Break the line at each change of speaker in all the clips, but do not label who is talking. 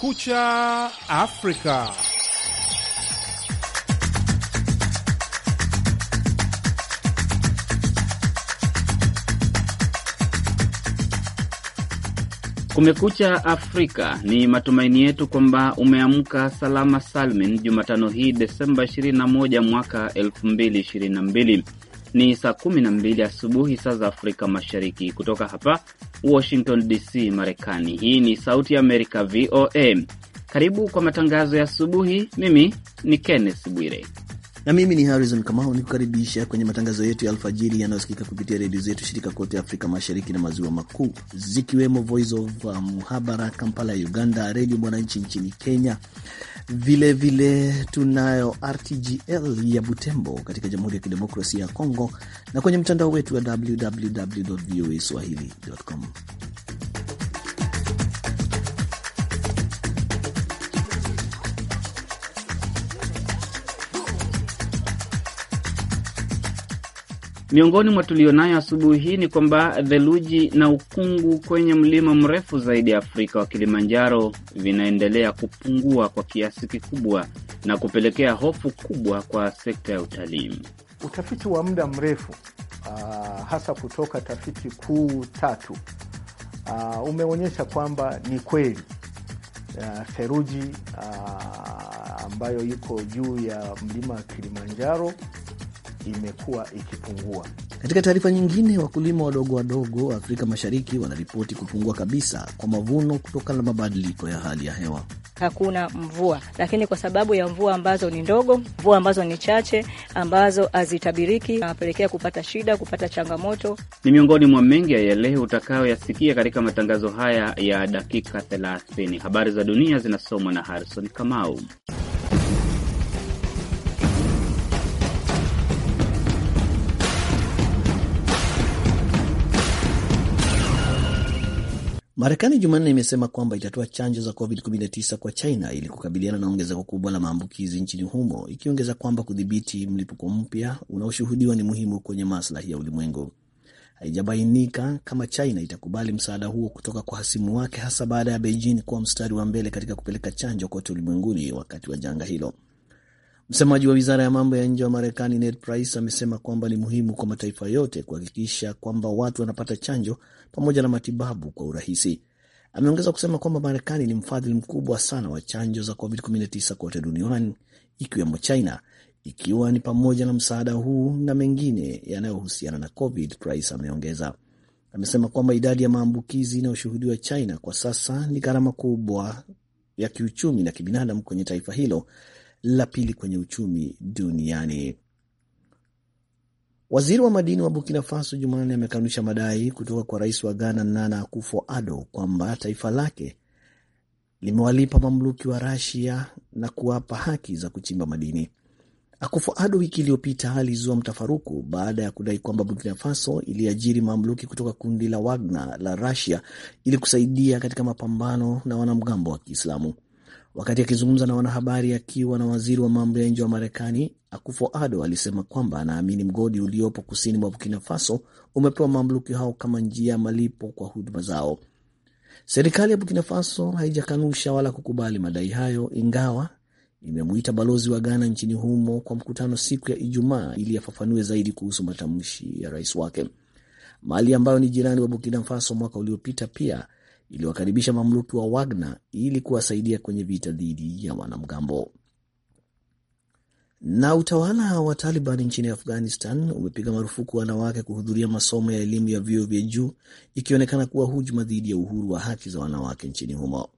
Kumekucha Afrika.
Kumekucha Afrika, ni matumaini yetu kwamba umeamka salama salmin, Jumatano hii Desemba 21 mwaka 2022 ni saa 12 asubuhi saa za Afrika Mashariki. Kutoka hapa Washington DC, Marekani, hii ni Sauti ya Amerika, VOA. Karibu kwa matangazo ya asubuhi. Mimi ni Kenneth Bwire
na mimi ni Harrison Kamau nikukaribisha kwenye matangazo yetu ya alfajiri yanayosikika kupitia redio zetu shirika kote Afrika Mashariki na Maziwa Makuu, zikiwemo Voice of Muhabara Kampala ya Uganda, Redio Mwananchi nchini Kenya. Vilevile vile tunayo RTGL ya Butembo katika Jamhuri ya Kidemokrasia ya Kongo, na kwenye mtandao wetu wa www voa swahili.com.
Miongoni mwa tulionayo asubuhi hii ni kwamba theluji na ukungu kwenye mlima mrefu zaidi ya Afrika wa Kilimanjaro vinaendelea kupungua kwa kiasi kikubwa na kupelekea hofu kubwa kwa sekta ya utalii.
Utafiti wa muda mrefu
uh, hasa kutoka tafiti kuu tatu uh, umeonyesha kwamba ni kweli ah, theluji uh, uh, ambayo iko juu ya mlima wa Kilimanjaro imekuwa ikipungua. Katika taarifa nyingine, wakulima wadogo wadogo wa Afrika Mashariki wanaripoti kupungua kabisa kwa mavuno kutokana na mabadiliko ya hali ya hewa.
Hakuna mvua, lakini kwa sababu ya mvua ambazo ni ndogo, mvua ambazo ni chache, ambazo hazitabiriki, anapelekea kupata shida, kupata changamoto.
Ni miongoni mwa mengi ya yale utakayoyasikia katika matangazo haya ya dakika 30. Habari za dunia zinasomwa na Harrison Kamau.
Marekani Jumanne imesema kwamba itatoa chanjo za COVID-19 kwa China ili kukabiliana na ongezeko kubwa la maambukizi nchini humo, ikiongeza kwamba kudhibiti mlipuko mpya unaoshuhudiwa ni muhimu kwenye maslahi ya ulimwengu. Haijabainika kama China itakubali msaada huo kutoka kwa hasimu wake, hasa baada ya Beijing kuwa mstari wa mbele katika kupeleka chanjo kote ulimwenguni wakati wa janga hilo. Msemaji wa wizara ya mambo ya nje wa Marekani Ned Price amesema kwamba ni muhimu kwa mataifa yote kuhakikisha kwamba watu wanapata chanjo pamoja na matibabu kwa urahisi. Ameongeza kusema kwamba Marekani ni mfadhili mkubwa sana wa chanjo za COVID-19 kote duniani ikiwemo China, ikiwa ni pamoja na msaada huu na mengine yanayohusiana na COVID. Price ameongeza amesema kwamba idadi ya maambukizi inayoshuhudiwa China kwa sasa ni gharama kubwa ya kiuchumi na kibinadamu kwenye taifa hilo la pili kwenye uchumi duniani. Waziri wa madini wa Burkina Faso Jumanne amekanusha madai kutoka kwa rais wa Ghana Nana Akufo-Addo kwamba taifa lake limewalipa mamluki wa Rasia na kuwapa haki za kuchimba madini. Akufo-Addo wiki iliyopita alizua mtafaruku baada ya kudai kwamba Burkina Faso iliajiri mamluki kutoka kundi la Wagner la Rasia ili kusaidia katika mapambano na wanamgambo wa Kiislamu. Wakati akizungumza na wanahabari akiwa na waziri wa mambo ya nje wa Marekani, akufo Ado alisema kwamba anaamini mgodi uliopo kusini mwa Burkina Faso umepewa mamluki hao kama njia ya malipo kwa huduma zao. Serikali ya Burkina Faso haijakanusha wala kukubali madai hayo, ingawa imemuita balozi wa Ghana nchini humo kwa mkutano siku ya Ijumaa ili afafanue zaidi kuhusu matamshi ya rais wake. Mali ambayo ni jirani wa Burkina Faso mwaka uliopita pia iliwakaribisha mamluki wa Wagner ili kuwasaidia kwenye vita dhidi ya wanamgambo. Na utawala wa Taliban nchini Afghanistan umepiga marufuku wanawake kuhudhuria masomo ya elimu ya vyuo vya juu, ikionekana kuwa hujuma dhidi ya uhuru wa haki za wanawake nchini humo.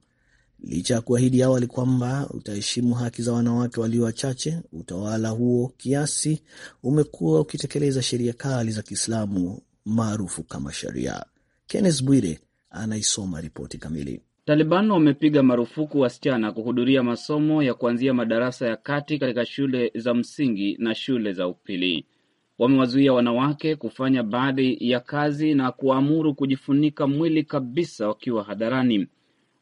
Licha ya kuahidi awali kwamba utaheshimu haki za wanawake walio wachache, utawala huo kiasi umekuwa ukitekeleza sheria kali za Kiislamu maarufu kama sharia. Kenneth Bwire anaisoma ripoti
kamili. Taliban wamepiga marufuku wasichana kuhudhuria masomo ya kuanzia madarasa ya kati katika shule za msingi na shule za upili. Wamewazuia wanawake kufanya baadhi ya kazi na kuwaamuru kujifunika mwili kabisa wakiwa hadharani.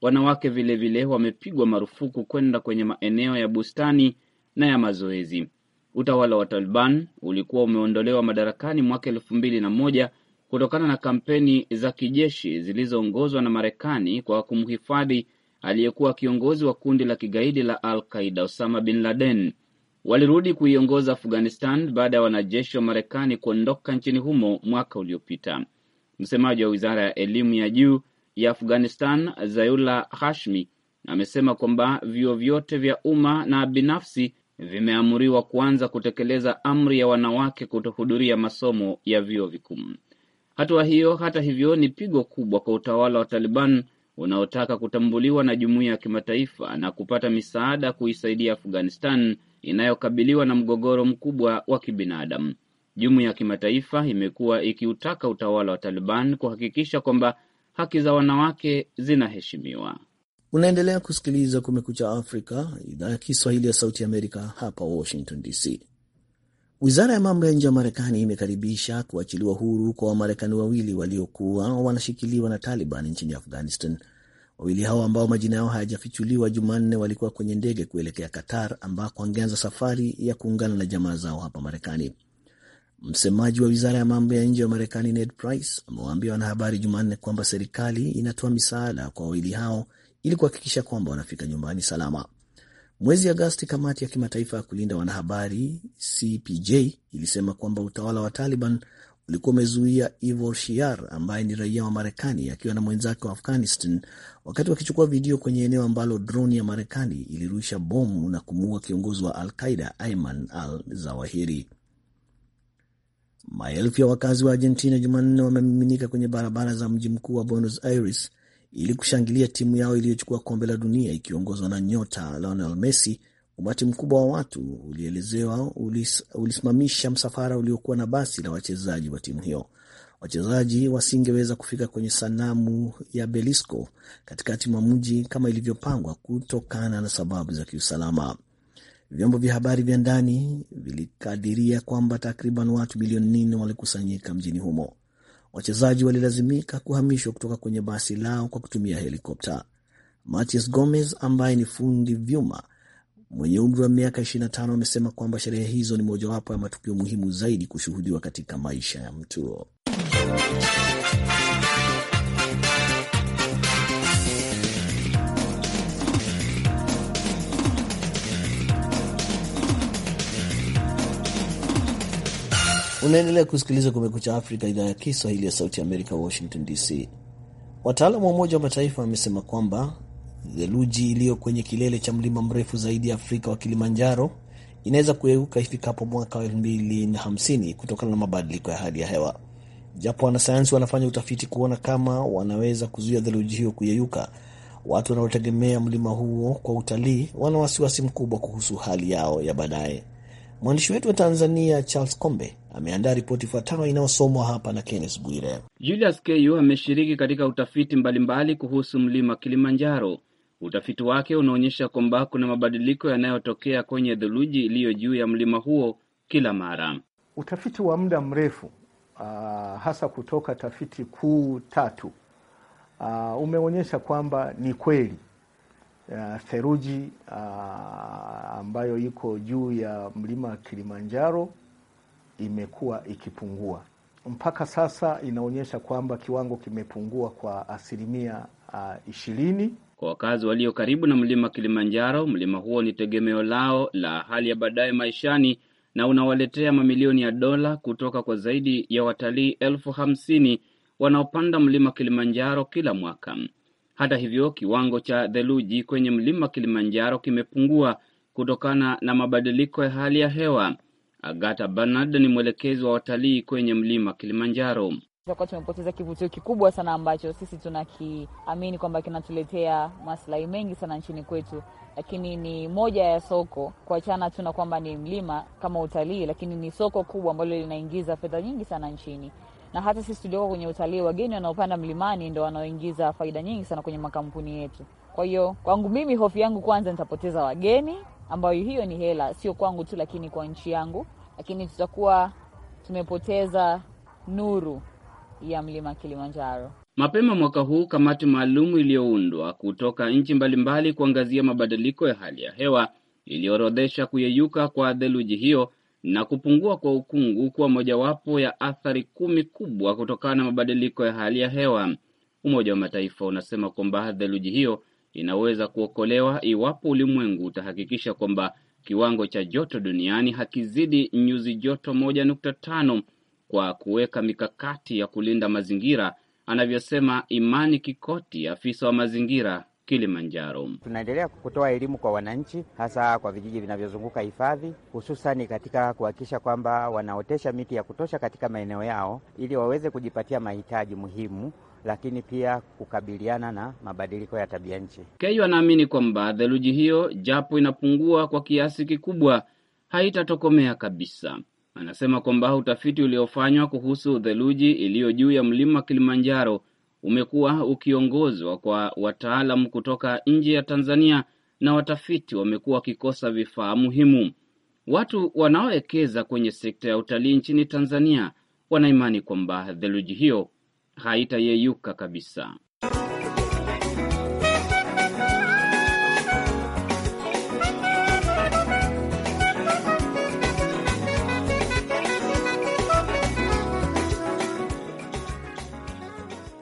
Wanawake vilevile wamepigwa marufuku kwenda kwenye maeneo ya bustani na ya mazoezi. Utawala wa Taliban ulikuwa umeondolewa madarakani mwaka elfu mbili na moja kutokana na kampeni za kijeshi zilizoongozwa na Marekani kwa kumhifadhi aliyekuwa kiongozi wa kundi la kigaidi la Al Qaida Osama bin Laden. Walirudi kuiongoza Afghanistan baada ya wanajeshi wa Marekani kuondoka nchini humo mwaka uliopita. Msemaji wa wizara ya elimu ya juu ya Afghanistan, Zaiula Hashmi, amesema kwamba vyuo vyote vya umma na binafsi vimeamuriwa kuanza kutekeleza amri ya wanawake kutohudhuria masomo ya vyuo vikuu. Hatua hiyo hata hivyo ni pigo kubwa kwa utawala wa Taliban unaotaka kutambuliwa na jumuiya ya kimataifa na kupata misaada kuisaidia Afghanistan inayokabiliwa na mgogoro mkubwa wa kibinadamu. Jumuiya ya kimataifa imekuwa ikiutaka utawala wa Taliban kuhakikisha kwamba haki za wanawake zinaheshimiwa.
Unaendelea kusikiliza Kumekucha Afrika, idhaa ya Kiswahili ya Sauti ya Amerika, hapa Washington DC. Wizara ya mambo ya nje ya Marekani imekaribisha kuachiliwa huru kwa Wamarekani wawili waliokuwa wanashikiliwa na Taliban nchini Afghanistan. Wawili hao ambao majina yao hayajafichuliwa, Jumanne walikuwa kwenye ndege kuelekea Qatar, ambako wangeanza safari ya kuungana na jamaa zao hapa Marekani. Msemaji wa wizara ya mambo ya nje ya Marekani Ned Price amewaambia wanahabari Jumanne kwamba serikali inatoa misaada kwa wawili hao ili kuhakikisha kwamba wanafika nyumbani salama. Mwezi Agosti, kamati ya kimataifa ya kulinda wanahabari CPJ ilisema kwamba utawala wa Taliban ulikuwa umezuia Ivor Shiar ambaye ni raia wa Marekani akiwa na mwenzake wa Afghanistan wakati wakichukua video kwenye eneo ambalo droni ya Marekani ilirusha bomu na kumuua kiongozi wa Al Qaida Ayman al Zawahiri. Maelfu ya wakazi wa Argentina Jumanne wamemiminika kwenye barabara za mji mkuu wa Buenos Aires ili kushangilia timu yao iliyochukua kombe la dunia ikiongozwa na nyota Lionel Messi. Umati mkubwa wa watu ulielezewa ulis, ulisimamisha msafara uliokuwa na basi la wachezaji wa timu hiyo. Wachezaji wasingeweza kufika kwenye sanamu ya Belisco katikati mwa mji kama ilivyopangwa kutokana na sababu za kiusalama. Vyombo vya habari vya ndani vilikadiria kwamba takriban watu milioni nne walikusanyika mjini humo wachezaji walilazimika kuhamishwa kutoka kwenye basi lao kwa kutumia helikopta. Matias Gomez ambaye ni fundi vyuma mwenye umri wa miaka 25 amesema kwamba sherehe hizo ni mojawapo ya matukio muhimu zaidi kushuhudiwa katika maisha ya mtu. Unaendelea kusikiliza Kumekucha Afrika, idhaa ya Kiswahili ya Sauti ya Amerika, Washington DC. Wataalamu wa Umoja wa Mataifa wamesema kwamba theluji iliyo kwenye kilele cha mlima mrefu zaidi ya Afrika wa Kilimanjaro inaweza kuyeuka ifikapo mwaka wa hamsini kutokana na mabadiliko ya hali ya hewa, japo wanasayansi wanafanya utafiti kuona kama wanaweza kuzuia theluji hiyo kuyeyuka. Watu wanaotegemea mlima huo kwa utalii wana wasiwasi mkubwa kuhusu hali yao ya baadaye. Mwandishi wetu wa Tanzania Charles Kombe ameandaa ripoti ifuatayo inayosomwa hapa na Kennes Bwire.
Julius Ku ameshiriki katika utafiti mbalimbali mbali kuhusu mlima Kilimanjaro. Utafiti wake unaonyesha kwamba kuna mabadiliko yanayotokea kwenye theluji iliyo juu ya mlima huo kila mara.
Utafiti wa muda mrefu
uh, hasa kutoka tafiti kuu tatu uh, umeonyesha kwamba ni kweli uh, theluji uh, ambayo iko juu ya mlima Kilimanjaro imekuwa ikipungua mpaka sasa, inaonyesha kwamba kiwango kimepungua kwa asilimia uh,
ishirini. kwa wakazi walio karibu na mlima Kilimanjaro, mlima huo ni tegemeo lao la hali ya baadaye maishani na unawaletea mamilioni ya dola kutoka kwa zaidi ya watalii elfu hamsini wanaopanda mlima Kilimanjaro kila mwaka. Hata hivyo, kiwango cha theluji kwenye mlima Kilimanjaro kimepungua kutokana na mabadiliko ya hali ya hewa. Agata Bernard ni mwelekezi wa watalii kwenye mlima Kilimanjaro.
Tutakuwa tumepoteza kivutio kikubwa sana ambacho sisi tunakiamini kwamba kinatuletea maslahi mengi sana nchini kwetu, lakini ni moja ya soko, kuachana tu na kwamba ni mlima kama utalii, lakini ni soko kubwa ambalo linaingiza fedha nyingi sana nchini na hata sisi tulioko kwenye utalii, wageni wanaopanda mlimani ndo wanaoingiza faida nyingi sana kwenye makampuni yetu. Kwa hiyo kwangu mimi, hofu yangu kwanza, nitapoteza wageni, ambayo hiyo ni hela, sio kwangu tu, lakini kwa nchi yangu, lakini tutakuwa tumepoteza nuru ya mlima Kilimanjaro.
Mapema mwaka huu kamati maalum iliyoundwa kutoka nchi mbalimbali kuangazia mabadiliko ya hali ya hewa iliyoorodhesha kuyeyuka kwa theluji hiyo na kupungua kwa ukungu kuwa mojawapo ya athari kumi kubwa kutokana na mabadiliko ya hali ya hewa. Umoja wa Mataifa unasema kwamba theluji hiyo inaweza kuokolewa iwapo ulimwengu utahakikisha kwamba kiwango cha joto duniani hakizidi nyuzi joto 1.5 kwa kuweka mikakati ya kulinda mazingira, anavyosema Imani Kikoti, afisa wa mazingira Kilimanjaro.
Tunaendelea kutoa elimu kwa wananchi, hasa kwa vijiji vinavyozunguka hifadhi, hususani katika kuhakikisha kwamba wanaotesha miti ya kutosha katika maeneo yao ili waweze kujipatia mahitaji muhimu lakini pia kukabiliana na mabadiliko
ya tabia nchi. Keyo anaamini kwamba theluji hiyo japo inapungua kwa kiasi kikubwa, haitatokomea kabisa. Anasema kwamba utafiti uliofanywa kuhusu theluji iliyo juu ya mlima Kilimanjaro umekuwa ukiongozwa kwa wataalam kutoka nje ya Tanzania na watafiti wamekuwa wakikosa vifaa muhimu. Watu wanaowekeza kwenye sekta ya utalii nchini Tanzania wanaimani kwamba theluji hiyo haitayeyuka kabisa.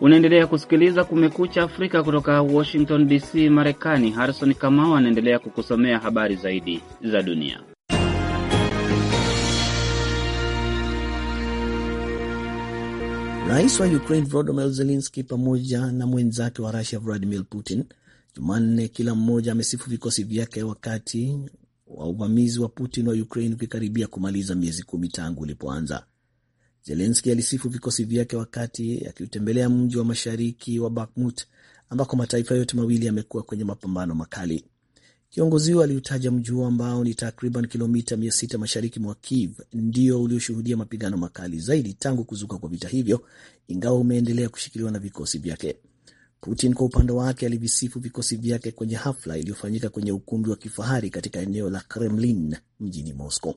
Unaendelea kusikiliza Kumekucha Afrika kutoka Washington DC, Marekani. Harrison Kamau anaendelea kukusomea habari zaidi za dunia.
Rais wa Ukraine Volodymyr Zelensky pamoja na mwenzake wa Russia Vladimir Putin Jumanne, kila mmoja amesifu vikosi vyake wakati wa uvamizi wa Putin wa Ukraine ukikaribia kumaliza miezi kumi tangu ulipoanza. Zelenski alisifu vikosi vyake wakati akiutembelea mji wa mashariki wa Bakhmut ambako mataifa yote mawili yamekuwa kwenye mapambano makali. Kiongozi huyo aliutaja mji huo ambao ni takriban kilomita 600 mashariki mwa Kiev ndio ulioshuhudia mapigano makali zaidi tangu kuzuka kwa vita hivyo, ingawa umeendelea kushikiliwa na vikosi vyake. Putin kwa upande wake alivisifu vikosi vyake kwenye hafla iliyofanyika kwenye ukumbi wa kifahari katika eneo la Kremlin mjini Moscow.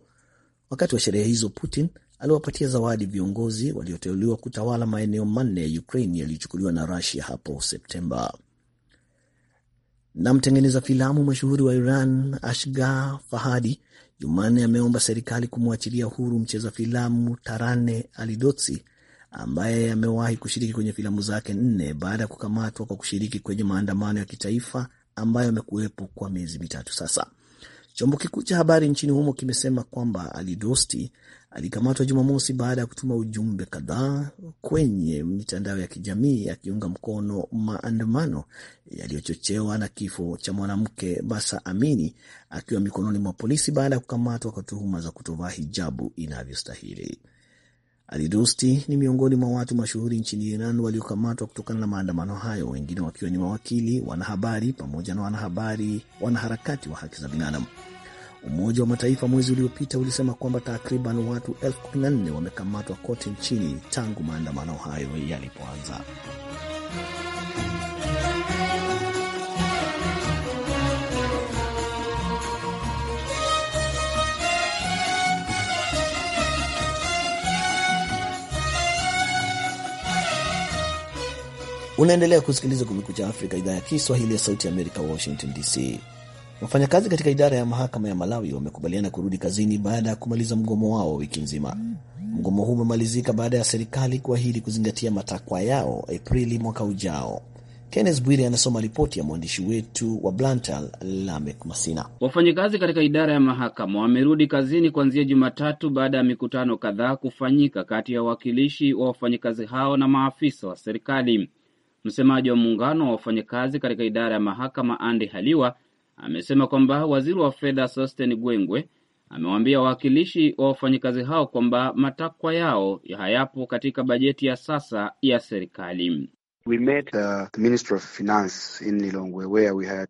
Wakati wa sherehe hizo, Putin aliwapatia zawadi viongozi walioteuliwa kutawala maeneo manne ya Ukraine yaliyochukuliwa na Rusia hapo Septemba. Na mtengeneza filamu mashuhuri wa Iran ashga Fahadi Jumanne ameomba serikali kumwachilia huru mcheza filamu Tarane Alidotsi ambaye amewahi kushiriki kwenye filamu zake nne baada ya kukamatwa kwa kushiriki kwenye maandamano ya kitaifa ambayo amekuwepo kwa miezi mitatu sasa. Chombo kikuu cha habari nchini humo kimesema kwamba Ali Dosti alikamatwa Jumamosi baada ya kutuma ujumbe kadhaa kwenye mitandao ya kijamii akiunga mkono maandamano yaliyochochewa na kifo cha mwanamke basa Amini akiwa mikononi mwa polisi baada ya kukamatwa kwa tuhuma za kutovaa hijabu inavyostahili alidusti ni miongoni mwa watu mashuhuri nchini Iran waliokamatwa kutokana na maandamano hayo, wengine wakiwa ni mawakili, wanahabari pamoja na wanahabari wanaharakati wa haki za binadamu. Umoja wa Mataifa mwezi uliopita ulisema kwamba takriban watu elfu kumi na nne wamekamatwa kote nchini tangu maandamano hayo yalipoanza. Unaendelea kusikiliza Kumekucha Afrika, idhaa ya Kiswahili ya Sauti ya Amerika, Washington DC. Wafanyakazi katika idara ya mahakama ya Malawi wamekubaliana kurudi kazini baada ya kumaliza mgomo wao wa wiki nzima. Mgomo huu umemalizika baada ya serikali kuahidi kuzingatia matakwa yao Aprili mwaka ujao. Kenneth Bwire anasoma ripoti ya mwandishi wetu wa Blantal, Lamek Masina.
Wafanyakazi katika idara ya mahakama wamerudi kazini kuanzia Jumatatu baada ya mikutano kadhaa kufanyika kati ya wawakilishi wa wafanyakazi hao na maafisa wa serikali. Msemaji wa muungano wa wafanyakazi katika idara ya mahakama Andi Haliwa amesema kwamba waziri wa fedha Sosten Gwengwe amewaambia wawakilishi wa wafanyakazi hao kwamba matakwa yao hayapo katika bajeti ya sasa ya serikali. We met uh, the Minister of Finance in Lilongwe where we had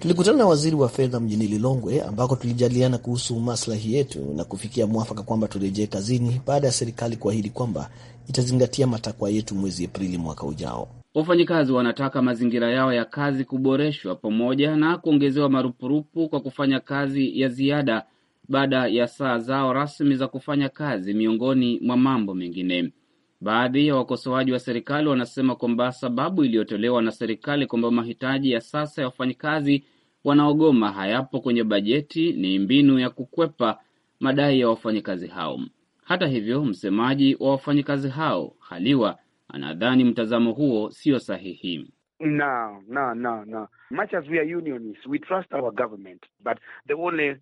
Tulikutana na waziri wa fedha
mjini Lilongwe ambako tulijadiliana kuhusu maslahi yetu na kufikia mwafaka kwamba turejee kazini baada ya serikali kuahidi kwamba itazingatia matakwa yetu mwezi Aprili mwaka ujao.
Wafanyikazi wanataka mazingira yao ya kazi kuboreshwa pamoja na kuongezewa marupurupu kwa kufanya kazi ya ziada baada ya saa zao rasmi za kufanya kazi, miongoni mwa mambo mengine. Baadhi ya wakosoaji wa serikali wanasema kwamba sababu iliyotolewa na serikali kwamba mahitaji ya sasa ya wafanyikazi wanaogoma hayapo kwenye bajeti ni mbinu ya kukwepa madai ya wafanyikazi hao. Hata hivyo, msemaji wa wafanyikazi hao Haliwa anadhani mtazamo huo sio sahihi. No, no, no, no. Much as we are unionists, we trust our government, but the only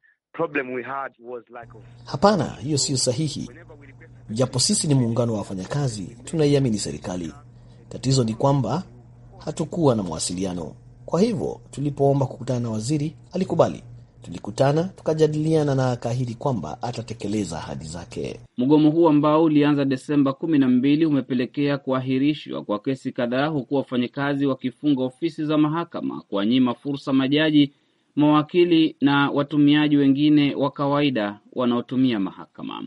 Hapana, hiyo siyo sahihi, japo sisi ni muungano wa wafanyakazi, tunaiamini serikali. Tatizo ni kwamba hatukuwa na mawasiliano. Kwa hivyo tulipoomba kukutana na waziri, alikubali. Tulikutana, tukajadiliana na akaahidi kwamba atatekeleza ahadi zake.
Mgomo huu ambao ulianza Desemba kumi na mbili umepelekea kuahirishwa kwa kesi kadhaa, huku wafanyakazi wakifunga ofisi za mahakama kuwanyima fursa majaji mawakili na watumiaji wengine wa kawaida wanaotumia mahakama.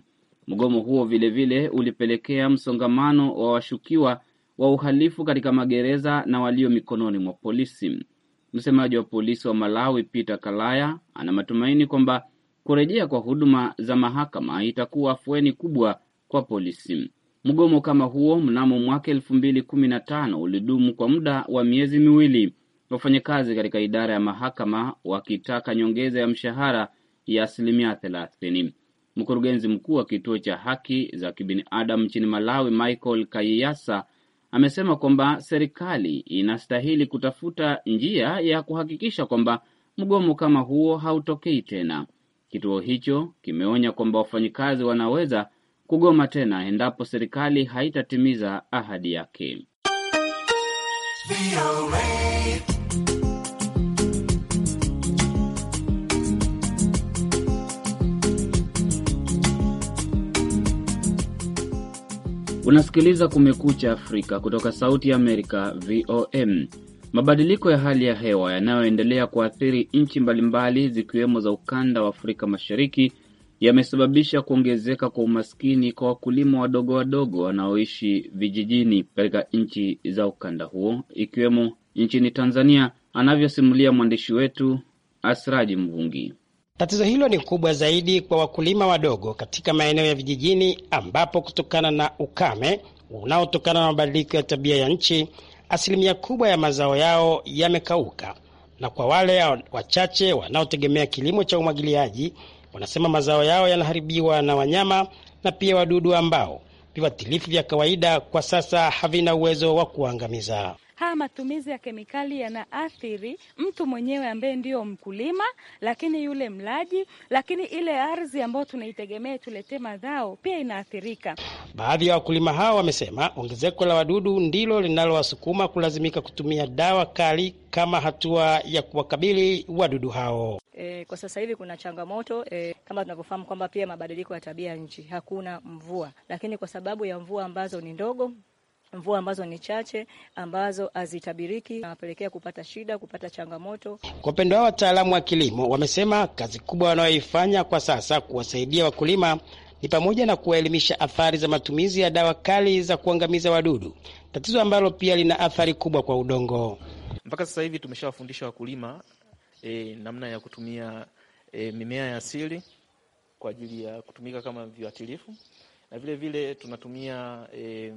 Mgomo huo vilevile vile ulipelekea msongamano wa washukiwa wa uhalifu katika magereza na walio mikononi mwa polisi. Msemaji wa polisi wa Malawi Peter Kalaya ana matumaini kwamba kurejea kwa huduma za mahakama itakuwa afueni kubwa kwa polisi. Mgomo kama huo mnamo mwaka elfu mbili kumi na tano ulidumu kwa muda wa miezi miwili wafanyakazi katika idara ya mahakama wakitaka nyongeza ya mshahara ya asilimia thelathini. Mkurugenzi mkuu wa kituo cha haki za kibinadamu nchini Malawi, Michael Kaiyasa, amesema kwamba serikali inastahili kutafuta njia ya kuhakikisha kwamba mgomo kama huo hautokei tena. Kituo hicho kimeonya kwamba wafanyikazi wanaweza kugoma tena endapo serikali haitatimiza ahadi yake. Unasikiliza Kumekucha Afrika kutoka Sauti ya Amerika, VOM. Mabadiliko ya hali ya hewa yanayoendelea kuathiri nchi mbalimbali zikiwemo za ukanda wa Afrika Mashariki yamesababisha kuongezeka kwa umaskini kwa wakulima wadogo wadogo wanaoishi vijijini katika nchi za ukanda huo ikiwemo nchini Tanzania, anavyosimulia mwandishi wetu Asraji Mvungi.
Tatizo hilo ni kubwa zaidi kwa wakulima wadogo katika maeneo ya vijijini, ambapo kutokana na ukame unaotokana na mabadiliko ya tabia ya nchi, asilimia kubwa ya mazao yao yamekauka, na kwa wale wachache wanaotegemea kilimo cha umwagiliaji, wanasema mazao yao yanaharibiwa na wanyama na pia wadudu ambao viwatilifu vya kawaida kwa sasa havina uwezo wa kuangamiza
haya matumizi ya kemikali yanaathiri mtu mwenyewe ambaye ndiyo mkulima, lakini yule mlaji, lakini ile ardhi ambayo tunaitegemea tuletee madhao pia inaathirika.
Baadhi ya wakulima hao wamesema ongezeko la wadudu ndilo linalowasukuma kulazimika kutumia dawa kali kama hatua ya kuwakabili wadudu hao.
E, kwa sasa hivi kuna changamoto e, kama tunavyofahamu kwamba pia mabadiliko ya tabia ya nchi, hakuna mvua, lakini kwa sababu ya mvua ambazo ni ndogo, mvua ambazo ni chache ambazo hazitabiriki anapelekea kupata shida, kupata changamoto.
Kwa upendo wao, wataalamu wa kilimo wamesema kazi kubwa wanayoifanya kwa sasa kuwasaidia wakulima ni pamoja na kuwaelimisha athari za matumizi ya dawa kali za kuangamiza wadudu, tatizo ambalo pia lina athari kubwa kwa udongo.
Mpaka sasa hivi tumeshawafundisha wakulima e, namna ya kutumia e, mimea ya asili kwa ajili ya kutumika kama viuatilifu na vile vile tunatumia e,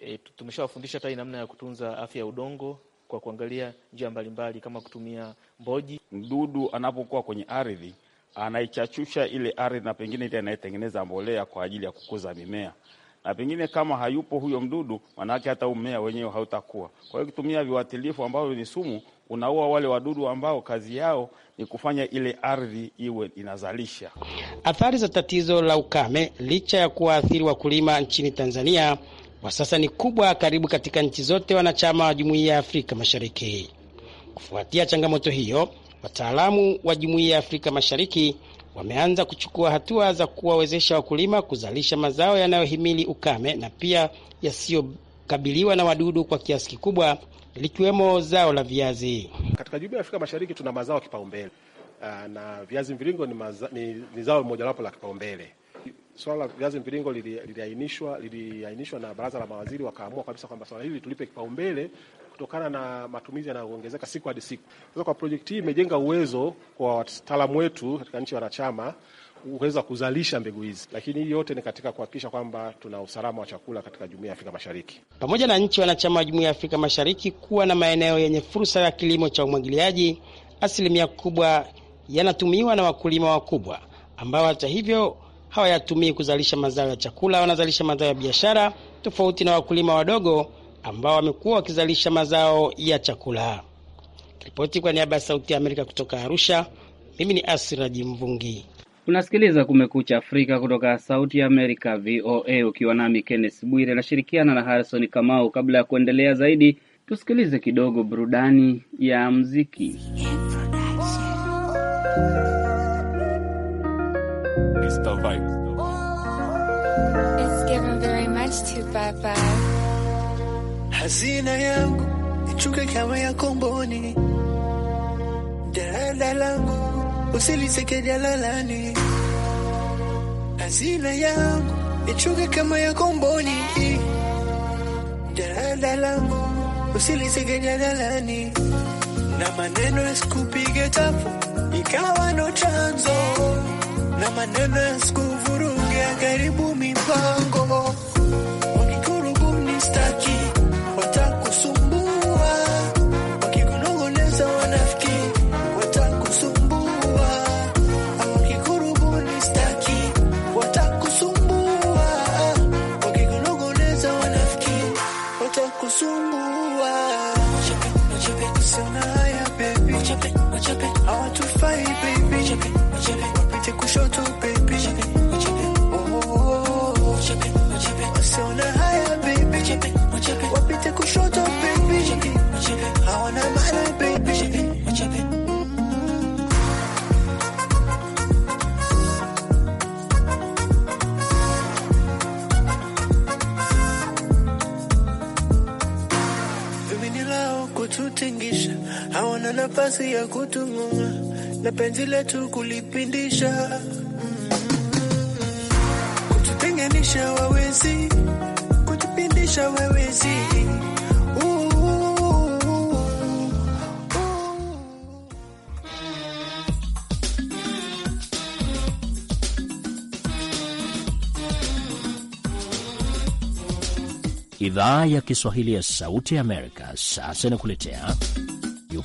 E, tumeshawafundisha hata namna ya kutunza
afya ya udongo kwa kuangalia njia mbalimbali kama kutumia mboji. Mdudu anapokuwa kwenye ardhi anaichachusha ile ardhi, na pengine ile anayetengeneza mbolea kwa ajili ya kukuza mimea, na pengine kama hayupo huyo mdudu, manake hata mmea wenyewe hautakuwa. Kwa hiyo ukitumia viwatilifu ambavyo ni sumu, unaua wale wadudu ambao kazi yao ni kufanya ile ardhi iwe inazalisha. Athari za tatizo la ukame, licha ya kuwaathiri wakulima nchini Tanzania kwa sasa ni kubwa karibu katika nchi zote wanachama wa jumuiya ya Afrika Mashariki. Kufuatia changamoto hiyo, wataalamu wa jumuiya ya Afrika Mashariki wameanza kuchukua hatua za kuwawezesha wakulima kuzalisha mazao yanayohimili ukame na pia yasiyokabiliwa na wadudu kwa kiasi kikubwa, likiwemo zao la viazi. Katika jumuiya ya Afrika Mashariki tuna mazao kipaumbele ah, na viazi mviringo ni, ni, ni zao mojawapo la kipaumbele swala la viazi mviringo liliainishwa liliainishwa na baraza la mawaziri, wakaamua kabisa kwamba swala hili tulipe kipaumbele
kutokana na matumizi yanayoongezeka siku hadi siku. Sasa kwa projekti hii imejenga uwezo kwa wataalamu wetu katika nchi wanachama uweza kuzalisha mbegu hizi, lakini hii yote ni katika kuhakikisha kwamba tuna usalama wa chakula katika jumuiya ya Afrika Mashariki.
Pamoja na nchi wanachama wa jumuiya ya Afrika Mashariki kuwa na maeneo yenye fursa ya kilimo cha umwagiliaji, asilimia kubwa yanatumiwa na wakulima wakubwa ambao hata hivyo hawayatumii kuzalisha mazao ya chakula, wanazalisha mazao ya biashara, tofauti na wakulima wadogo ambao wamekuwa wakizalisha mazao ya chakula. Ripoti kwa niaba ya Sauti ya Amerika kutoka Arusha, mimi ni Asiraji Mvungi.
Unasikiliza Kumekucha Afrika kutoka Sauti ya Amerika, VOA, ukiwa nami kennes Bwire nashirikiana na Harrison Kamau. Kabla ya kuendelea zaidi, tusikilize kidogo burudani ya mziki
It's the vibe. It's given very much to baba. Hazina yangu ichuke kama ya komboni, jalala langu usiliseke jalalani. Hazina yangu ichuke kama ya komboni, jalala langu usiliseke jalalani, na maneno yasikupige tafu ikawa no chanzo na maneno ya sikuvurugia, karibu mipango wakikurugu staki nafasi ya kutung'ung'a na penzi letu kulipindisha, kututenganisha wawezi, kutupindisha wawezi.
Idhaa ya Kiswahili ya Sauti ya Amerika
sasa inakuletea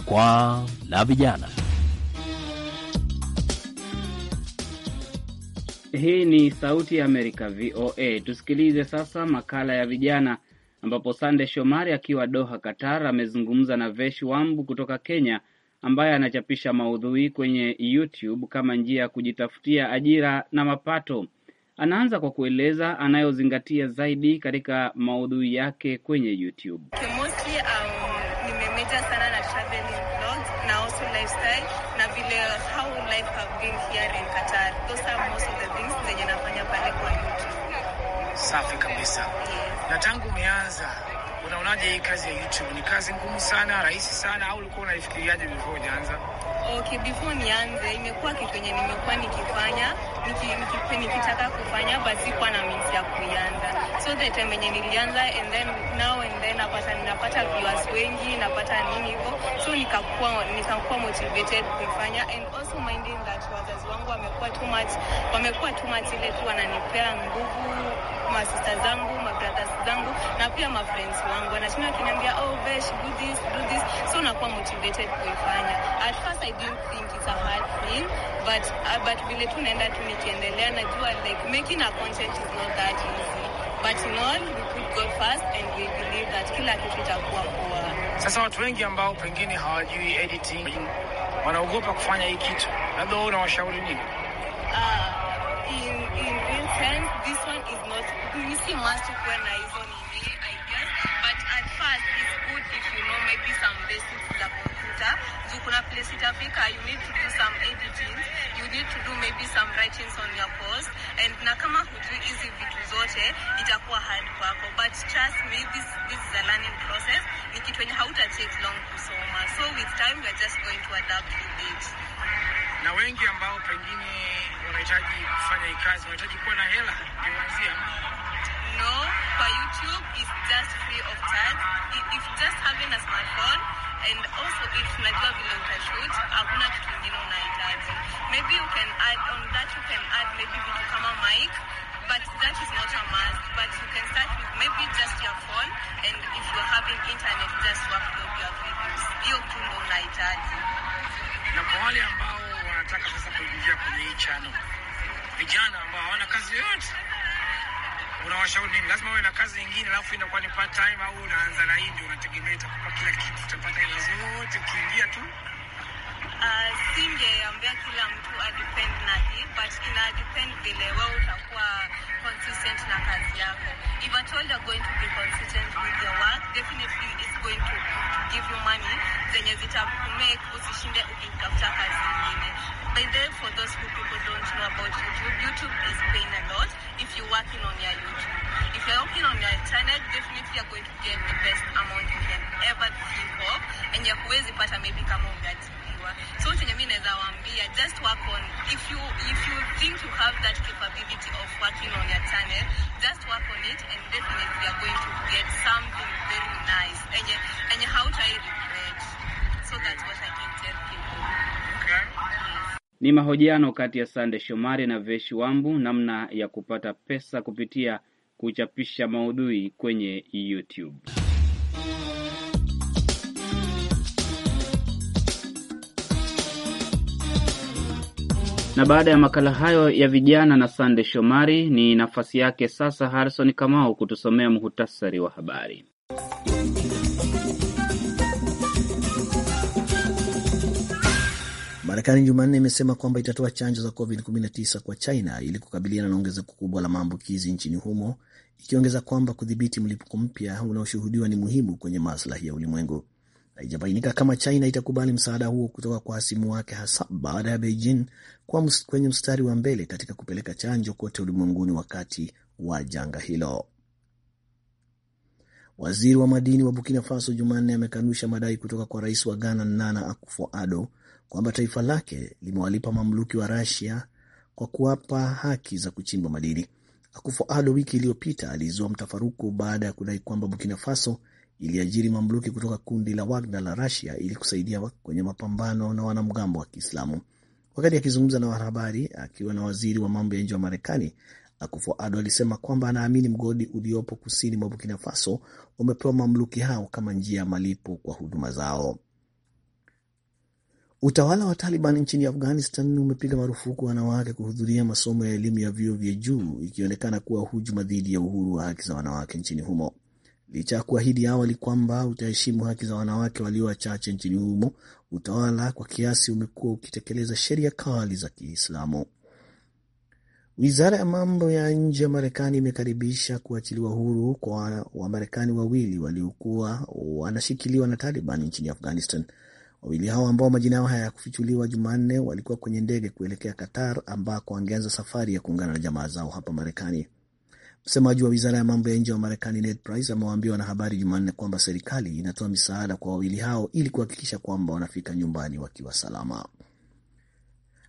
Jukwaa la Vijana. Hii ni Sauti ya Amerika, VOA. Tusikilize sasa makala ya vijana, ambapo Sande Shomari akiwa Doha, Qatar, amezungumza na Vesh Wambu kutoka Kenya, ambaye anachapisha maudhui kwenye YouTube kama njia ya kujitafutia ajira na mapato. Anaanza kwa kueleza anayozingatia zaidi katika maudhui yake kwenye YouTube.
Okay, mostly, um major sana na traveling blogs na also lifestyle na vile uh, how life have been here in Qatar. Those are most of the things zenye nafanya pale kwa YouTube.
Safi kabisa. Yes. Na tangu umeanza unaonaje hii kazi ya YouTube? Ni kazi ngumu sana, rahisi sana, au ulikuwa unaifikiriaje before hujaanza?
Okay, oh, before nianze imekuwa kitu yenye nimekuwa nikifanya nikitaka niki, niki kufanya basi kwa na means ya kuianza, so the time yenye nilianza and then now and then napata ninapata viewers wengi napata nini hivyo, so nikakuwa nikakuwa motivated kuifanya and also minding that wazazi wangu wame too much, wamekuwa too much ile tu wananipea nguvu masista zangu, mabrothers zangu na pia mafriends wangu wanashinda kinaambia oh Vesh, do this, do this, so nakuwa motivated kuifanya. At first I didn't think it's a hard thing but, uh, but vile tu naenda tu nikiendelea, najua like making a content is not that easy but in all we put God first and we believe that kila kitu itakuwa poa.
Sasa watu wengi ambao pengine hawajui editing wanaogopa kufanya hii kitu, labda wewe unawashauri nini?
is not you see once when I even, me, I guess. But at first it's good if you know maybe some basics the computer. You kuna place it Africa, you need to do some editing, you need to do maybe some writings on your post and Nakama kama hujui easy with zote itakuwa hard kwako. But trust me this this is a learning process. Ni kitu how to take long to kusoma. So with time we're just going to adapt with it
na wengi ambao pengine wanahitaji kufanya hii kazi wanahitaji kuwa na hela kuanzia.
No, for YouTube is just free of charge. If just having a smartphone and also if unajua vile utashoot, hakuna kitu kingine unahitaji. Maybe you can add on that, you can add maybe vitu kama mic but that is not a must. But you can start with maybe just your phone and if you're having internet, just upload your videos. Hiyo tu unahitaji. Na kwa wale ambao
wanataka sasa kuingia kwenye hii chano, vijana ambao hawana kazi yoyote, unawashauri nini? Lazima uwe na kazi nyingine, alafu inakuwa ni part time au unaanza na hii, ndio unategemea itakupa
kila kitu, utapata hela zote ukiingia tu.
Uh, kila mtu adepend na hii but ina depend vile wewe utakuwa consistent na kazi yako. If at all you're going to be consistent with your work, definitely it's going to give you money zenye zitakumake usishinde ukitafuta kazi nyingine. By the way, for those who people don't know about YouTube, YouTube is paying a lot if you're working on your YouTube. If you're working on your internet, definitely you're going to get the best amount you can ever think of and ya kuwezi pata maybe kama ungeajiriwa. So chenye I naweza waambia, just work on if you if you think you have that capability of working on your channel, just work on it and definitely you're going to get something very nice. And, and how to
Ni mahojiano kati ya Sande Shomari na Veshi Wambu namna ya kupata pesa kupitia kuchapisha maudhui kwenye YouTube. Na baada ya makala hayo ya vijana na Sande Shomari, ni nafasi yake sasa Harrison Kamau kutusomea muhutasari wa habari.
Marekani Jumanne imesema kwamba itatoa chanjo za COVID-19 kwa China ili kukabiliana na ongezeko kubwa la maambukizi nchini humo, ikiongeza kwamba kudhibiti mlipuko mpya unaoshuhudiwa ni muhimu kwenye maslahi ya ulimwengu. Haijabainika kama China itakubali msaada huo kutoka kwa hasimu wake, hasa baada ya Beijing kuwa kwenye mstari wa mbele katika kupeleka chanjo kote ulimwenguni wakati wa janga hilo. Waziri wa madini wa Burkina Faso Jumanne amekanusha madai kutoka kwa rais wa Ghana Nana Akufo-Addo kwamba taifa lake limewalipa mamluki wa Rasia kwa kuwapa haki za kuchimba madini. Akufo-Addo wiki iliyopita alizua mtafaruku baada ya kudai kwamba Burkina Faso iliajiri mamluki kutoka kundi la Wagner la Rasia ili kusaidia kwenye mapambano na wanamgambo wa Kiislamu. Wakati akizungumza na wanahabari akiwa na waziri wa mambo ya nje wa Marekani, akufo Ado alisema kwamba anaamini mgodi uliopo kusini mwa Burkina Faso umepewa mamluki hao kama njia ya malipo kwa huduma zao. Utawala wa Taliban nchini Afghanistan umepiga marufuku wanawake kuhudhuria masomo ya elimu ya vyuo vya juu ikionekana kuwa hujuma dhidi ya uhuru wa haki za wanawake nchini humo. Licha ya kuahidi awali kwamba utaheshimu haki za wanawake walio wachache nchini humo, utawala kwa kiasi umekuwa ukitekeleza sheria kali za Kiislamu. Wizara ya mambo ya nje ya Marekani imekaribisha kuachiliwa huru kwa Wamarekani wawili waliokuwa wanashikiliwa na Taliban nchini Afghanistan. Wawili hao ambao majina yao hayakufichuliwa Jumanne walikuwa kwenye ndege kuelekea Qatar ambako wangeanza safari ya kuungana na jamaa zao hapa Marekani. Msemaji wa wizara ya mambo ya nje wa Marekani Ned Price amewaambia wanahabari Jumanne kwamba serikali inatoa misaada kwa wawili hao ili kuhakikisha kwamba wanafika nyumbani wakiwa salama.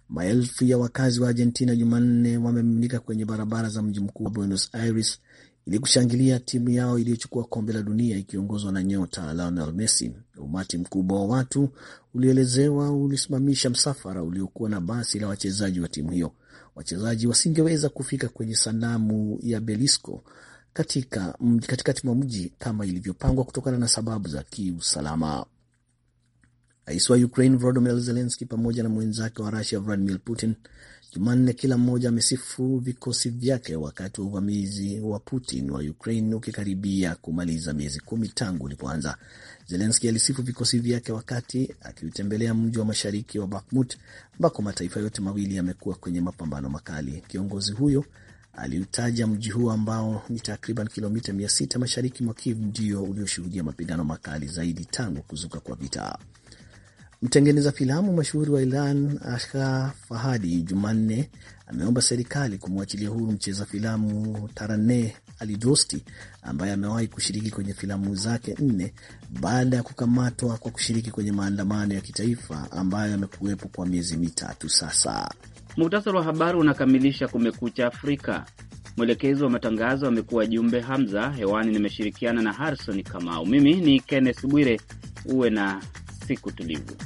Maelfu ya wakazi wa Argentina Jumanne wamemiminika kwenye barabara za mji mkuu wa Buenos Aires ili kushangilia timu yao iliyochukua kombe la dunia ikiongozwa na nyota Lionel Messi. Umati mkubwa wa watu ulielezewa ulisimamisha msafara uliokuwa na basi la wachezaji wa timu hiyo. Wachezaji wasingeweza kufika kwenye sanamu ya Belisco katika katikati mwa mji kama ilivyopangwa kutokana na sababu za kiusalama. Rais wa Ukraine Volodymyr Zelensky pamoja na mwenzake wa Russia Vladimir Putin Jumanne kila mmoja amesifu vikosi vyake wakati wa uvamizi wa Putin wa Ukraine ukikaribia kumaliza miezi kumi tangu ulipoanza. Zelenski alisifu vikosi vyake wakati akiutembelea mji wa mashariki wa Bakhmut ambako mataifa yote mawili yamekuwa kwenye mapambano makali. Kiongozi huyo aliutaja mji huo ambao ni takriban kilomita sita mashariki mwa Kiev ndio ulioshuhudia mapigano makali zaidi tangu kuzuka kwa vita. Mtengeneza filamu mashuhuri wa Iran asha Fahadi Jumanne ameomba serikali kumwachilia huru mcheza filamu tarane Ali Dosti ambaye amewahi kushiriki kwenye filamu zake nne baada ya kukamatwa kwa kushiriki kwenye maandamano ya kitaifa ambayo yamekuwepo kwa miezi mitatu sasa.
Muktasari wa habari unakamilisha Kumekucha Afrika. Mwelekezi wa matangazo amekuwa Jumbe Hamza. Hewani nimeshirikiana na Harison Kamau. Mimi ni Kenneth Bwire. Uwe na ciclo de livro.